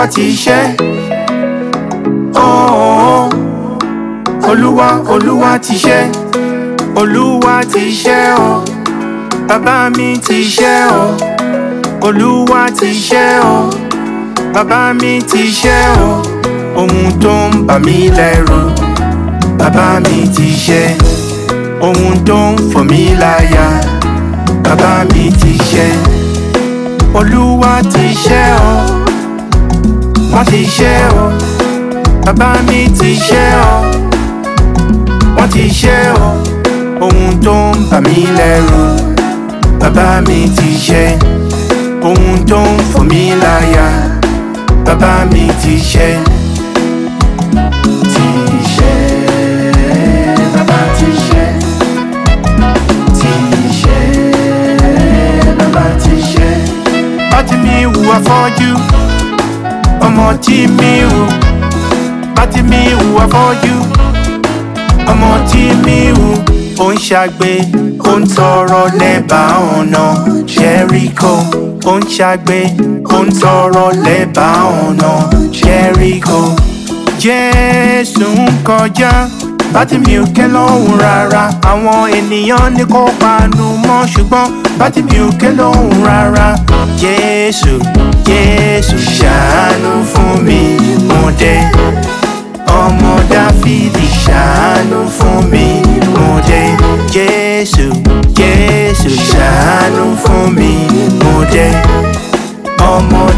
olúwa ti ṣe oh, olúwa olúwa ti ṣe olúwa ti ṣe o bàbá mi ti ṣe o olúwa ti ṣe o bàbá mi ti ṣe o ohun tó ń bà mí lẹ́rù bàbá mi ti ṣe ohun tó ń fò mí láyà bàbá mi ti ṣe olúwa ti ṣe o wọ́n ti ṣe o bàbá mi ti ṣe o wọ́n ti ṣe o ohun tó ń bà mí lẹ́rù bàbá mi ti ṣe ohun tó ń fò mí láyà bàbá mi ti ṣe. ti ṣe bàbá ti ṣe ti ṣe bàbá ti ṣe ọmọ tí mi wù bá tí mi wù afọ́jú ọmọ tí mi wù ó ń ṣàgbé ó ń tọrọ lẹ́bàá ọ̀nà Jericho ó ń ṣàgbé ó ń tọrọ lẹ́bàá ọ̀nà Jericho Jésù ń kọjá bá tí mi ò kẹ́ lọ́hùn rárá àwọn ènìyàn ní kó panu mọ́ ṣùgbọ́n bá tí mi ò ké lóhùn rárá. Jésù Jésù ṣàánú fún mi mo dé. Ọmọ Dáfídì ṣàánú fún mi mo dé. Jésù Jésù ṣàánú fún mi mo Ọmọ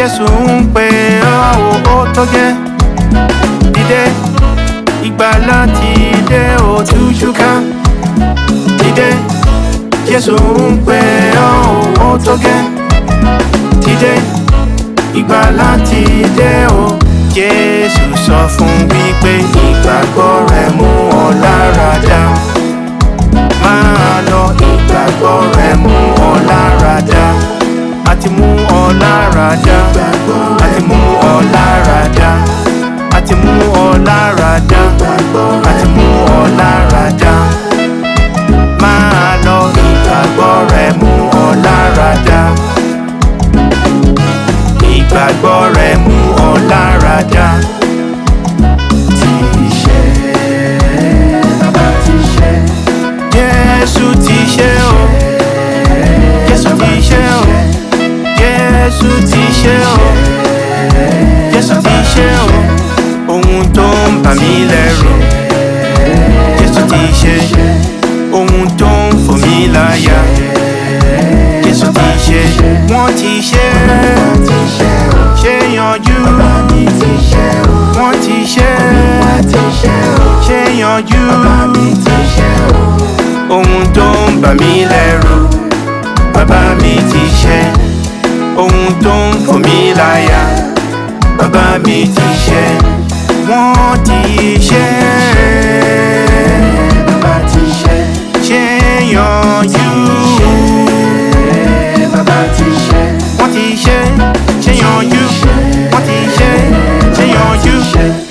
Jésù ń pè ọ́ ó tó jẹ́ dìde ìgbàlà ti dé òtútù ká dìde Jésù ń pè ọ́ ó tó jẹ́ dìde ìgbàlà ti dé o Jésù sọ fún wípé ìgbàgbọ́ rẹ mú ọ lára dá máa lọ ìgbàgbọ́ rẹ mú ọ lára dá àti mú ọ lára dá a ti mú ọ lára dá a ti mú ọ lára dá a ti mú ọ lára dá máa lọ ìgbàgbọ́ rẹ mú ọ lára dá ìgbàgbọ́ rẹ mú ọ lára dá. ti ṣe bàbá ti ṣe. Jésù ti. Jésù ti ṣe o Jésù ti ṣe o ohun tó ń bà mí lẹ́rù Jésù ti ṣe ohun tó ń fò mí láyà Jésù ti ṣe wọ́n ti ṣe ṣe yanjú wọ́n ti ṣe ṣe yanjú ohun tó ń bà mí lẹ́rù bàbá mi ti ṣe ohun tó ń fò mí láyà bàbá mi ti ṣe wọ́n ti ṣe bàbá ti ṣe ṣe yanjú bàbá ti ṣe wọ́n ti ṣe ṣe yanjú wọ́n ti ṣe ṣe yanjú.